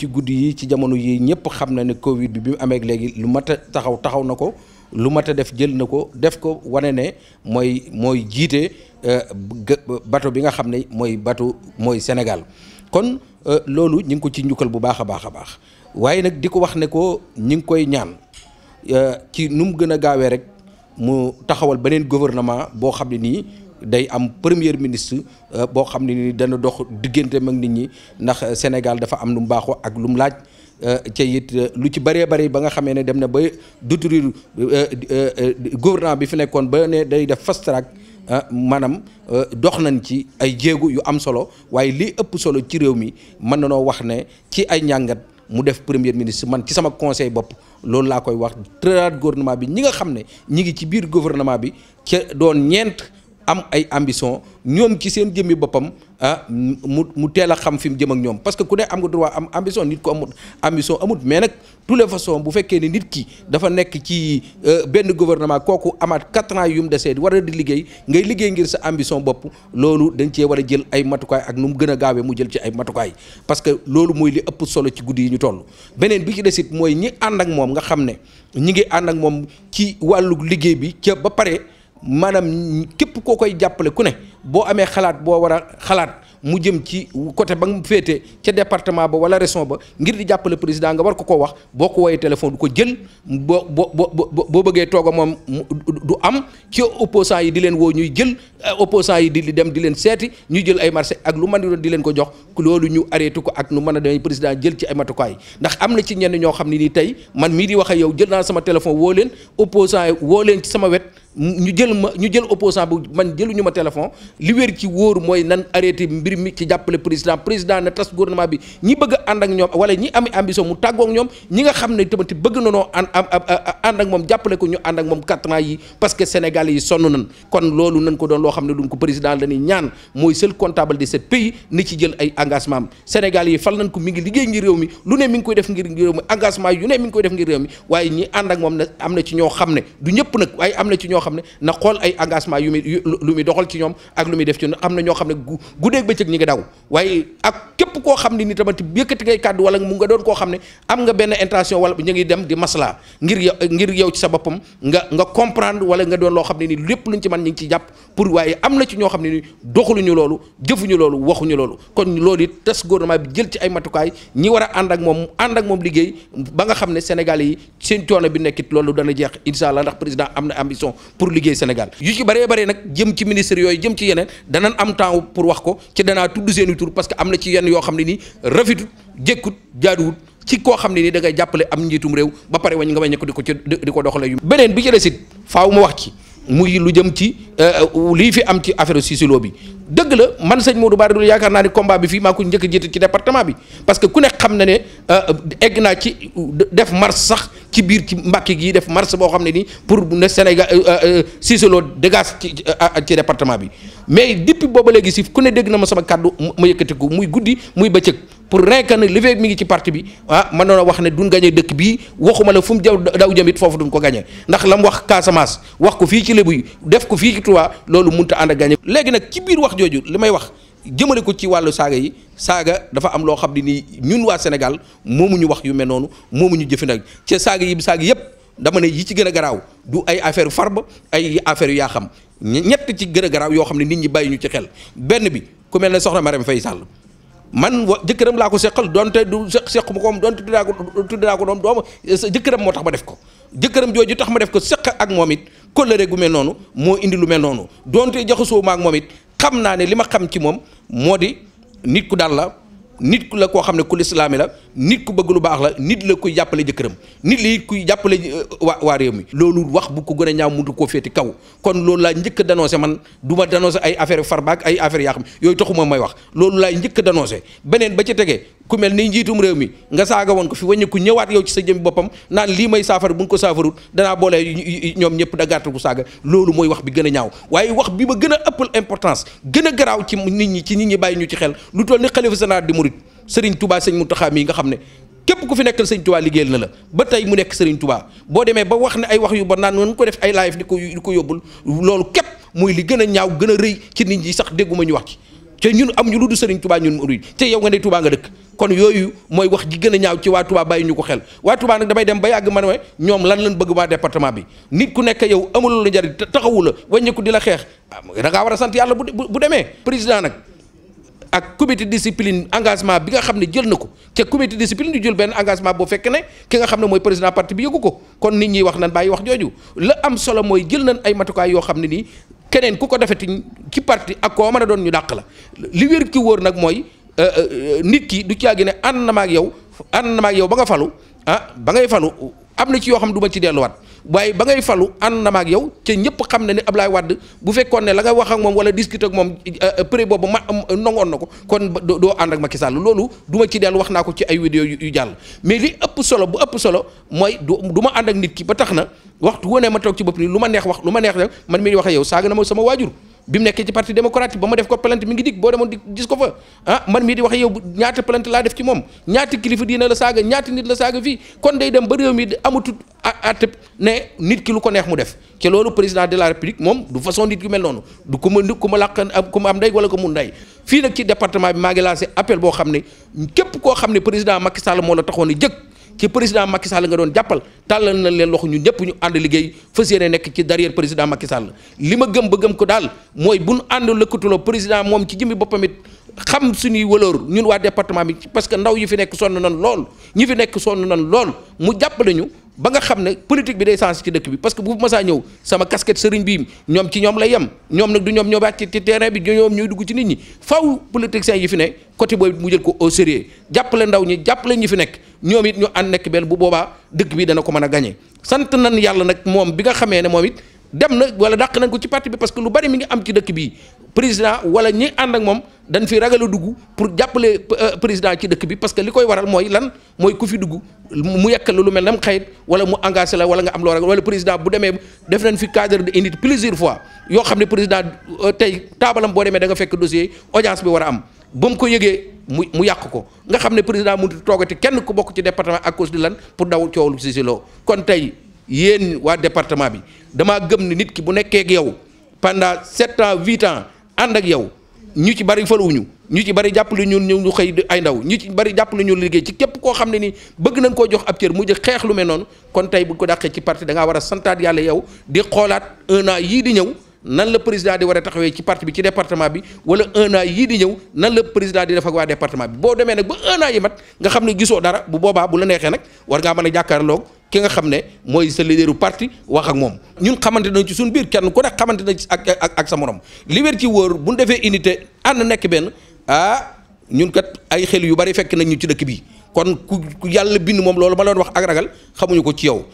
ci guddi yi ci jamono yi ñëpp xam na ne Covid bi bi mu amee léegi lu mat taxaw taxaw na ko lu mat a def jël na ko def ko wane ne mooy mooy jiite euh, bato bi nga xam ne mooy bato mooy Sénégal kon euh, loolu ñu ngi ko ci njukkal bu baax a baax a baax waaye nag di ko wax ne ko ñu ngi koy ñaan euh, ci nu mu gën a gaawee rek mu taxawal beneen gouvernement boo xam ne nii. day am première ministre euh, boo xam ne ni dana dox diggante mag nit ñi ndax euh, Sénégal dafa am lu mu baaxoo ak lu mu laaj ca euh, it lu ci bëree bëri ba nga xamee ne dem na ba duturir gouvernement bi fi nekkoon ba ne day def fast track maanaam dox nañ ci ay jéego yu am solo waaye li ëpp solo ci réew mi mën na noo wax ne ci ay njàngat mu def premier ministre man ci sama conseil bopp loolu laa koy wax tëraat gouvernement bi ñi nga xam ne ñi ngi ci biir gouvernement bi ca doon ñeent am ay ambition ñoom ci seen jëmmi boppam ah mu mu teel a xam fi mu jëm ak ñoom parce que ku ne am nga droit am ambition nit ko amut amut mais nag tous les façons bu fekkee ne nit ki dafa nekk ci euh, benn gouvernement kooku amaat quatre ans yu mu desee war a di liggéey ngay liggéey ngir sa ambition bopp loolu dañ cee war a jël ay matukaay ak nu mu gën a gaawee mu jël ci ay matukaay parce que loolu mooy li ëpp solo ci guddi yi ñu toll beneen bi ci desit mooy ñi ànd ak moom nga xam ne ñi ngi ànd ak moom ci wàllu liggéey bi ca ba pare maanaam képp koo koy jàppale ku ne boo amee xalaat boo war a xalaat mu jëm ci côté ba mu féete ca département ba wala région ba ngir di jàppale président nga war ko koo wax boo ko woowee téléphone du ko jël boo bo bo boo bëggee toog a moom du am ci opposant yi di leen woo ñuy jël euh, opposant yi di dem di leen seeti ñuy jël ay marché ak lu mën di doon di leen ko jox loolu ñu arrêté ko ak nu mën a demee président jël ci ay matukaay ndax am na ci ñenn ñoo xam ne nii tey man mii di wax yow jël naa sama téléphone woo leen opposant yi woo leen ci sama ñu jël ma ñu jël opposant bu man jëluñu ma téléphone li wér ci wóor mooy nan arrêté mbir mi ci jàppale président président na tas gouvernement bi ñi bëgg a ànd ak ñoom wala ñi am ambition mu tàggoo ak ñoom ñi nga xam ne tamit bëgg na ko ñu ànd moom quatre ans yi parce que sénégalais loolu ko doon loo xam ne duñ ko président la ñuy ñaan mooy seul comptable de ce pays ni ci jël am yi fal nañ ko mi ngi liggéey ngir réew lu ne mi ngir réew mi engagement yu ngi koy def ngir réew mi waaye ñi ànd ak moom ne am na ci ñoo xam ne du ñëpp nag waaye am na ci ñoo xam ne na xool ay engagement yu muy lu muy doxal ci ñoom ak lu muy def ci ñoom am na ñoo xam ne guddeeg cëg ñi ngi daw waaye ak képp koo xam ne ni tamit yëkkati ngay kàdd wala mu nga doon koo xam ne am nga benn intention wala ñu ngi dem di masla ngir yow ngir yow ci sa boppam nga nga comprendre wala nga doon loo xam ne ni lépp luñ ci man ñi ngi ci jàpp pour waaye am na ci ñoo xam ne ni doxaluñu loolu jëfuñu loolu waxuñu loolu kon loolu it tas gouvernement bi jël ci ay matukaay ñi war a ànd ak moom ànd ak moom liggéey ba nga xam ne Sénégal yi seen coono bi nekkit loolu dana jeex incha allah ndax président am na ambition pour liggéey Sénégal yu ci bëree bëree nag jëm ci ministre yooyu jëm ci yeneen danañ am temps pour wax ko ci danaa tudd seeni tur parce que am na ci yenn yoo xam ne nii rafetut jékkut jaaduwut ci koo xam ne ni da ngay jàppale am njiitum réew ba pare wañ nga wañ ko di ko ci di ko doxale yu beneen bi ci desit faaw mu wax ci muy lu jëm ci euh, euh, lii fi am ci affaire Cissé Lô bi dëgg la man sëñ Modou Bara Dolly yaakaar naa ni combat bi fii maa ko njëkk a jiite ci département bi parce que ku ne xam na ne euh, egg naa ci def marche sax ci biir ci Mbàkke gi def marche boo xam ne nii pour ne Sénégal Cissé Lô dégage ci ci département bi mais depuis boobu léegi si ku ne dégg na ma sama kàddu ma yëkkati ko muy guddi muy bëccëg. pour rekk ne li fekk mi ngi ci parti bi ah mën na wax ne duñ gañe dëkk bii waxuma la fu mu jaw daw jamit foofu duñ ko gañe ndax lam wax Casamance wax ko fii ci Lebu yi def ko fii ci Touba loolu mënut a ànd ak gañe léegi nag ci biir wax jooju li may wax jëmale ko ci wàllu saaga yi saaga dafa am loo xam ne nii ñun waa Sénégal moomuñu wax yu mel noonu moomuñu jëfin nag ci saaga yi saaga yépp dama ne yi ci gën a garaaw du ay affaire Farba ay affaire yu yaa xam ñett ci gën a garaaw yoo xam ne nit ñi bàyyi ñu ci xel benn bi ku mel ne soxna Marème Faye Sall man wa jëkkëram laa ko seqal donte du seq seq ma ko moom donte tuddaa ko tuddaa ko doom dooma jëkkëram moo tax ma def ko jëkkëram jooju tax ma def ko seq ak moom it kóllëre gu noonu moo indi lu mel noonu donte jaxasoo ma ak moom xam naa ne li ma xam ci moom moo di nit ku daal la nit ku la koo xam ne ku lislaami la nit ku bëgg lu baax la nit la kuy jàppale jëkkëram nit li kuy jàppale euh, waa waa réew mi loolu wax bu ko gën a ñaaw mënut koo féeti kaw kon loolu laa njëkk a dénoncé man du ma dénoncé ay far farbaak ay affaire yaa xam yooyu taxuma may wax loolu laay njëkk a dénoncé beneen ba ca tegee ku mel ni njiitum réew mi nga saaga woon ko fi wàññi ku ñëwaat yow ci sa jëm boppam naan lii may saafara bu nga ko saafarut danaa boole ñoom ñëpp da gàttal ku saaga loolu mooy wax bi gën a ñaaw waaye wax bi ma gën a ëppal importance gën a garaaw ci nit ñi ci nit ñi bàyyi ñu ci xel lu toll ni xalifa général des mourides Serigne Touba Serigne Mountakha mii nga xam ne képp ku fi nekkal Serigne Touba liggéeyal na la ba tey mu nekk Serigne Touba boo demee ba wax ne ay wax yu bon naan mën ko def ay live di ko di ko yóbbul loolu képp muy li gën a ñaaw gën a rëy ci nit ñi sax dégguma ñu wax ci te ñun amuñu lu dul Serigne ñu ñun murid te yow nga ne Touba nga dëkk kon yooyu mooy wax ji gën a ñaaw ci waa Touba bàyyi ñu ko xel waa Touba nag damay dem ba yàgg ma ne ñoom lan lañ bëgg waa département bi nit ku nekk yow amul lu njariñ taxawu la wàññeeku di la xeex ah da war a sant yàlla bu bu demee président nag ak comité discipline engagement bi nga xam ne jël na ko te comité discipline du jël benn engagement boo fekk ne ki nga xam ne mooy président parti bi yëgu ko kon nit ñi wax nan bàyyi wax jooju la am solo mooy jël nañ ay matukaay yoo xam ne nii keneen ku ko defeti ci parti ak koo man a doon ñu dàq la li wér ki wóor nag mooy euh, euh, euh, nit ki du caagi ne ànd na ma ak yow ànd na ma ak yow ba nga falu ah ba ngay falu am na ci yoo xam du ma ci delluwaat waaye ba ngay falu ànd na yow te ñëpp xam na ne Ablaye Wade bu fekkoon ne la nga wax ak moom wala discuter ak moom pré boobu ma nongoon na ko kon doo ànd ak Macky Sall loolu duma ma ci dellu wax naa ko ci ay vidéo yu jàll mais li ëpp solo bu ëpp solo mooy du ma ànd ak nit ki ba tax na. waxtu wu ne ma toog ci bopp ni lu ma neex wax lu ma neex man mii di wax yow saaga na ma sama waajur bi mu nekkee ci parti démocratique ba ma def ko plainte mi ngi dig boo demoon di gis ah, di kon day dem ba réew ki lu ko neex mu def ci loolu président de la république moom du façon nit yu mel noonu du ku ma ku am ndey wala ko mun ndey fii nag ci département bi maa ngi lancé appel boo xam ne képp koo xam ne président Macky Sall moo la taxoon a jëkk ci président Macky Sall nga doon jàppal tàllal nañ leen loxo ñun ñëpp ñu ànd liggéey fas yéene nekk ci derrière président Macky Sall li ma gëm ba gëm ko daal mooy bu nu ànd lëkkatuloo président moom ci jëmmi boppam it xam suñuy wëlër ñun waa département bi parce que ndaw yi fi nekk sonn nan lool ñi fi nekk sonn nan lool mu jàppale ñu ba nga xam ne politique bi day sens ci dëkk bi parce que bu masaa ñëw sama casquette sëriñ bii ñoom ci ñoom lay yem ñoom nag du ñoom ñoo wàcc ci terrain bi ñoom ñooy dugg ci nit ñi faw politiciens yi fi ne côté boobu mu jël ko au sérieux jàppale ndaw ñi jàpp jàppale ñi fi nekk ñoom it ñu ànd nekk benn bu boobaa dëkk bi dana ko mën a gañe sant nan yàlla nag moom bi nga xamee ne moom it dem na wala dàq nañ ko ci parti bi parce que lu bari mi ngi am ci dëkk bii président wala ñi ànd ak moom dañ fi ragal a dugg pour jàppale euh, président ci dëkk bi parce que li koy waral mooy lan mooy ku fi dugg mu yàkkal lu mel na ne xayit wala mu engagé la wala nga am loo ragal wala président bu demee def nañ fi cadre de unité plusieurs fois yoo xam ne président euh, tey taabalam boo demee da nga fekk dossier audience bi war a am ba mu ko yëgee mu mu yàq ko nga xam ne président mu toogati kenn ku bokk ci département à cause de pour daw coow lu si kon tey yéen waa département bi damaa gëm ne nit ki bu nekkee ak yow pendant sept ans huit ans. ànd ak yow ñu ci bari faluwuñu ñu ci bari jàppale ñun ñëw ñu xëy ay ndaw ñu ci bari jàppale ñun liggéey ci képp koo xam ne ni bëgg nañ koo jox ab cër mu jëkk xeex lu mel noonu kon tey bu ko daqee ci parti da ngaa war a santaat yàlla yow di xoolaat un yii di ñëw nan la président di war a taxawee ci parti bi ci département bi wala un an yii di ñëw nan la président di def waa département bi boo demee nag ba un an yi mat nga xam ne gisoo dara bu boobaa bu la neexee nag war ngaa mën a jàkkaarloog ki nga xam ne mooy sa leaderu parti wax ak moom ñun xamante nañ ci suñu biir kenn ku nekk xamante nañ ci ak ak ak sa morom li wér ci wóor bu ñu defee unité ànd nekk benn ah ñun kat ay xel yu bari fekk nañ ñu ci dëkk bi kon ku yàlla bind moom loolu ma leen wax ak ragal xamuñu ko ci yow.